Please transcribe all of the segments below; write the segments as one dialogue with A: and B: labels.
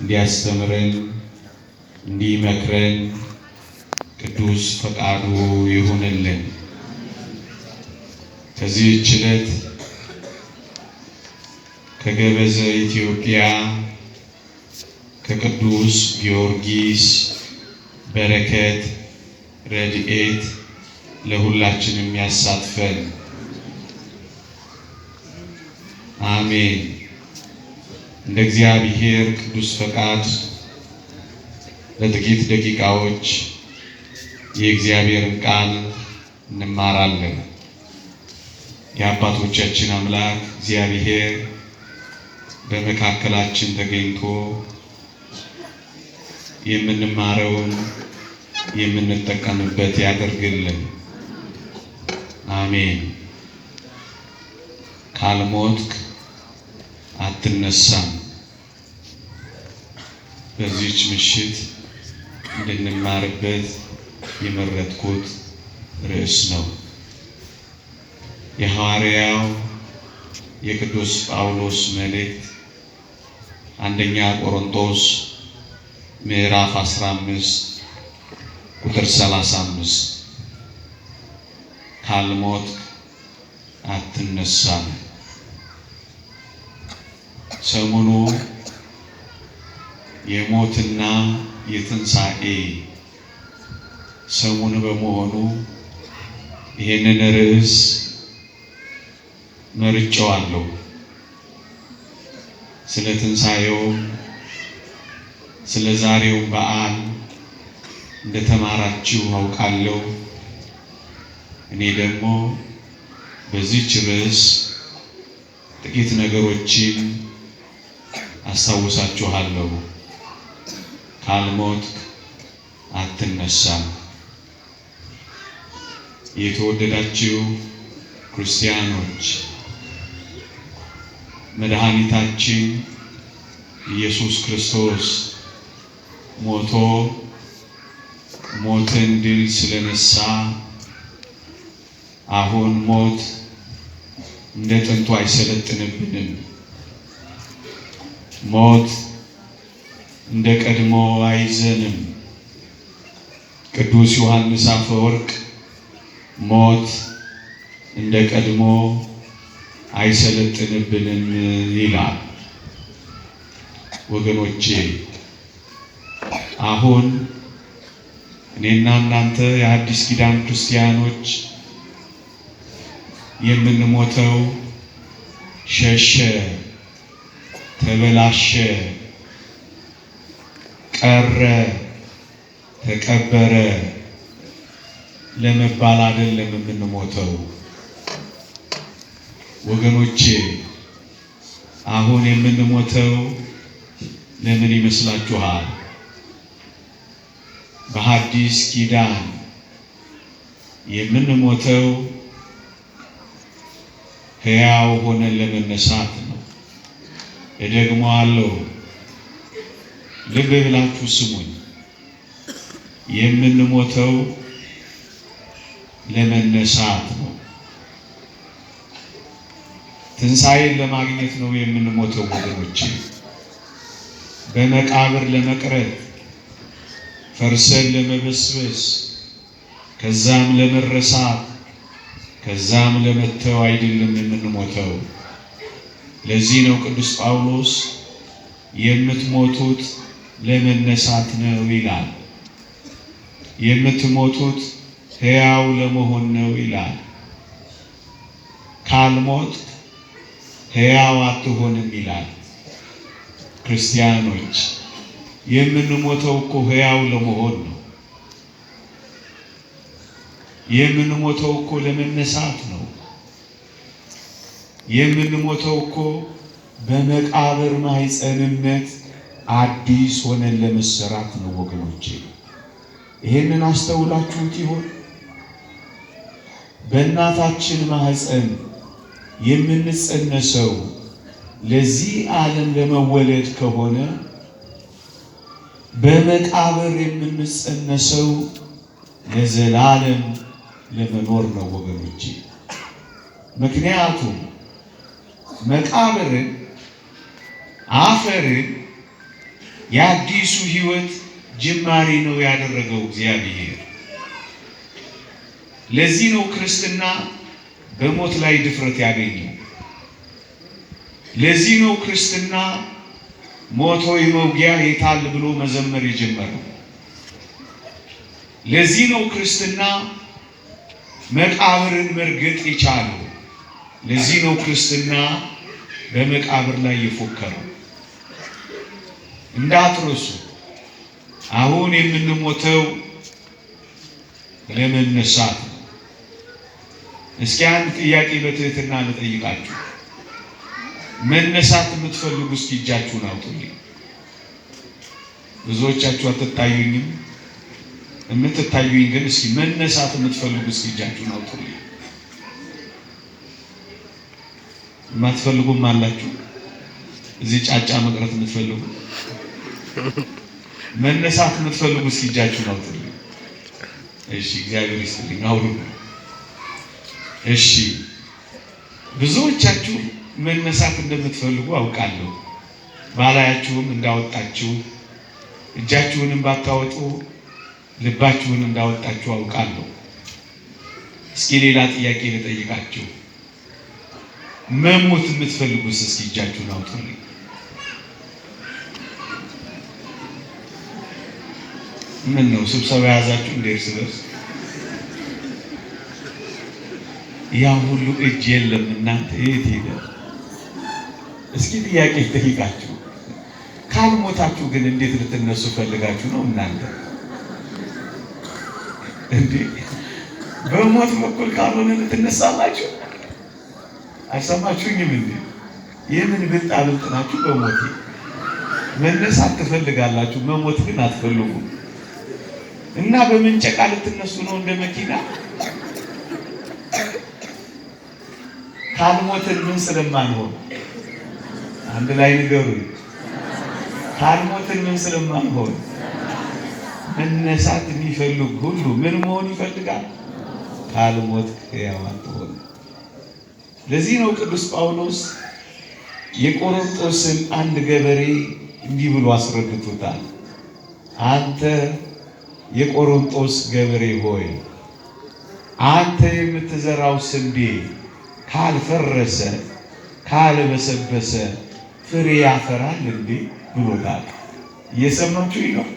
A: እንዲያስተምረን እንዲመክረን ቅዱስ ፈቃዱ ይሁንልን። ከዚህች ችለት ከገበዘ ኢትዮጵያ ከቅዱስ ጊዮርጊስ በረከት ረድኤት ለሁላችንም ያሳትፈን፣ አሜን። እንደ እግዚአብሔር ቅዱስ ፈቃድ ለጥቂት ደቂቃዎች የእግዚአብሔርን ቃል እንማራለን። የአባቶቻችን አምላክ እግዚአብሔር በመካከላችን ተገኝቶ የምንማረውን የምንጠቀምበት ያደርግልን። አሜን። ካልሞትክ አትነሳም። በዚች ምሽት እንድንማርበት የመረጥኩት ርዕስ ነው። የሐዋርያው የቅዱስ ጳውሎስ መልእክት አንደኛ ቆሮንቶስ ምዕራፍ 15 ቁጥር 35 ካልሞት አትነሳም። ሰሞኑ የሞትና የትንሣኤ ሰሙን በመሆኑ ይህንን ርዕስ መርጨዋለሁ። ስለ ትንሣኤውም ስለ ዛሬው በዓል እንደተማራችሁ አውቃለሁ። እኔ ደግሞ በዚች ርዕስ ጥቂት ነገሮችን አስታውሳችኋለሁ። ካልሞት አትነሳም። የተወደዳችሁ ክርስቲያኖች መድኃኒታችን ኢየሱስ ክርስቶስ ሞቶ ሞትን ድል ስለነሳ አሁን ሞት እንደ ጥንቱ አይሰለጥንብንም። ሞት እንደ ቀድሞ አይዘንም። ቅዱስ ዮሐንስ አፈወርቅ ሞት እንደ ቀድሞ አይሰለጥንብንም ይላል። ወገኖቼ አሁን እኔና እናንተ የአዲስ ኪዳን ክርስቲያኖች የምንሞተው ሸሸ፣ ተበላሸ ቀረ ተቀበረ ለመባል አይደለም የምንሞተው ወገኖቼ። አሁን የምንሞተው ለምን ይመስላችኋል? በሐዲስ ኪዳን የምንሞተው ሕያው ሆነን ለመነሳት ነው። አለው። ልብ ብላችሁ ስሙኝ። የምንሞተው ለመነሳት ነው። ትንሣኤን ለማግኘት ነው የምንሞተው ወገኖች። በመቃብር ለመቅረት ፈርሰን ለመበስበስ፣ ከዛም ለመረሳት፣ ከዛም ለመተው አይደለም የምንሞተው። ለዚህ ነው ቅዱስ ጳውሎስ የምትሞቱት ለመነሳት ነው ይላል። የምትሞቱት ሕያው ለመሆን ነው ይላል። ካልሞት ሕያው አትሆንም ይላል። ክርስቲያኖች የምንሞተው እኮ ሕያው ለመሆን ነው። የምንሞተው እኮ ለመነሳት ነው። የምንሞተው እኮ በመቃብር ማኅፀንነት አዲስ ሆነን ለመሰራት ነው ወገኖቼ። ይሄንን አስተውላችሁት ይሆን? በእናታችን ማህፀን የምንጸነሰው ለዚህ ዓለም ለመወለድ ከሆነ በመቃብር የምንጸነሰው ለዘላለም ለመኖር ነው ወገኖች። ምክንያቱም መቃብርን፣ አፈርን የአዲሱ ህይወት ጅማሬ ነው ያደረገው እግዚአብሔር። ለዚህ ነው ክርስትና በሞት ላይ ድፍረት ያገኘው። ለዚህ ነው ክርስትና ሞት ሆይ መውጊያ የታል ብሎ መዘመር የጀመረው። ለዚህ ነው ክርስትና መቃብርን መርገጥ የቻለው። ለዚህ ነው ክርስትና በመቃብር ላይ የፎከረው። እንዳትረሱ። አሁን የምንሞተው ለመነሳት ነው። እስኪ አንድ ጥያቄ በትህትና ልጠይቃችሁ። መነሳት የምትፈልጉ እስኪ እጃችሁን አውጡልኝ። ብዙዎቻችሁ አትታዩኝም። የምትታዩኝ ግን እስኪ መነሳት የምትፈልጉ እስኪ እጃችሁን አውጡልኝ። የማትፈልጉም አላችሁ እዚህ ጫጫ መቅረት የምትፈልጉ መነሳት የምትፈልጉ እስኪ እጃችሁ ነው። እሺ፣ እግዚአብሔር ይስጥልኝ። አሁን እሺ፣ ብዙዎቻችሁ መነሳት እንደምትፈልጉ አውቃለሁ። ባላያችሁም እንዳወጣችሁ እጃችሁንም ባታወጡ ልባችሁን እንዳወጣችሁ አውቃለሁ። እስኪ ሌላ ጥያቄ ልጠይቃችሁ። መሞት የምትፈልጉስ እስኪ እጃችሁን አውጡልኝ። ምን ነው ስብሰባ የያዛችሁ እንደ እርስ በርስ ያ ሁሉ እጅ የለም። እናንተ የት ሄደ? እስኪ ጥያቄ ጠይቃችሁ ካልሞታችሁ ግን እንዴት ልትነሱ ፈልጋችሁ ነው? እናንተ እንዴ በሞት በኩል ካልሆነ ልትነሳላችሁ አይሰማችሁኝም እንዴ? የምን ብልጣ ብልጥ ናችሁ? በሞት መነሳት ትፈልጋላችሁ፣ መሞት ግን አትፈልጉም። እና በመንጨቃ ልትነሱ ነው እንደ መኪና ካልሞትን ምን ስለማንሆን አንድ ላይ ንገሩ ካልሞትን ምን ስለማንሆን መነሳት የሚፈልግ ሁሉ ምን መሆን ይፈልጋል? ካልሞት ሕያው ለዚህ ነው ቅዱስ ጳውሎስ የቆሮንጦስን አንድ ገበሬ እንዲህ ብሎ አስረድቶታል። አንተ የቆሮንጦስ ገበሬ ሆይ አንተ የምትዘራው ስንዴ ካልፈረሰ ካልበሰበሰ ፍሬ ያፈራል እንዴ ብሎታል። እየሰማችሁ ነው።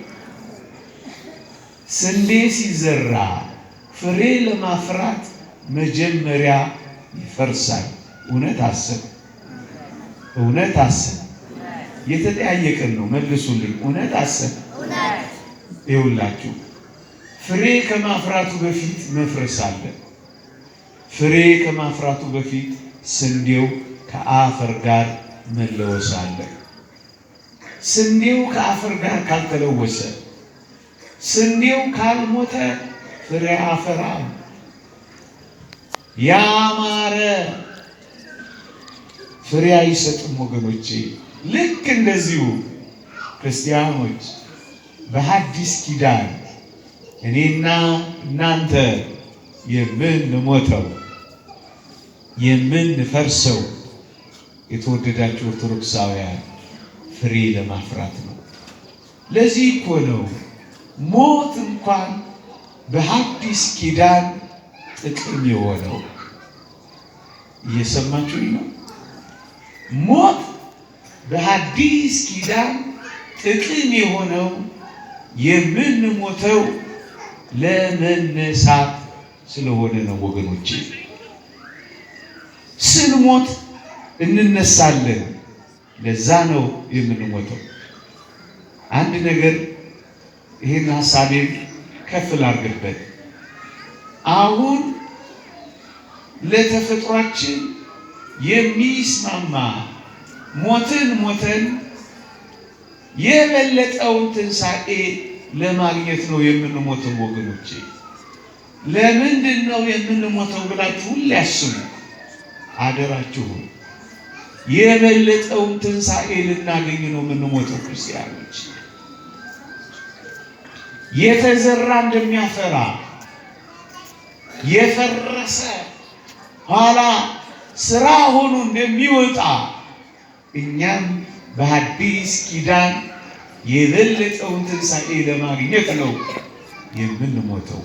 A: ስንዴ ሲዘራ ፍሬ ለማፍራት መጀመሪያ ይፈርሳል። እውነት አስብ፣ እውነት አስብ። የተጠያየቅን ነው መልሱልኝ። እውነት አስብ ይውላችሁ ፍሬ ከማፍራቱ በፊት መፍረስ አለ። ፍሬ ከማፍራቱ በፊት ስንዴው ከአፈር ጋር መለወስ አለ። ስንዴው ከአፈር ጋር ካልተለወሰ፣ ስንዴው ካልሞተ ፍሬ አፈራ ያማረ ፍሬ አይሰጥም ወገኖቼ። ልክ እንደዚሁ ክርስቲያኖች በሐዲስ ኪዳን እኔና እናንተ የምንሞተው የምንፈርሰው የተወደዳችሁ ኦርቶዶክሳውያን ፍሬ ለማፍራት ነው። ለዚህ እኮ ነው ሞት እንኳን በሐዲስ ኪዳን ጥቅም የሆነው። እየሰማችሁ ነው? ሞት በሐዲስ ኪዳን ጥቅም የሆነው የምንሞተው ለመነሳት ስለሆነ ነው ወገኖች። ስንሞት እንነሳለን። ለዛ ነው የምንሞተው። አንድ ነገር ይህን ሀሳቤን ከፍ ላድርግበት። አሁን ለተፈጥሯችን የሚስማማ ሞትን ሞተን የበለጠውን ትንሣኤ ለማግኘት ነው የምንሞተው ወገኖቼ። ለምንድን ነው የምንሞተው ብላችሁ ሁሌ አስቡ። አደራችሁን የበለጠውን ትንሣኤ ልናገኝ ነው የምንሞተው ክርስቲያኖች። የተዘራ እንደሚያፈራ የፈረሰ ኋላ ስራ ሆኖ እንደሚወጣ እኛም በአዲስ ኪዳን የበለጠውን ትንሣኤ ለማግኘት ነው የምንሞተው።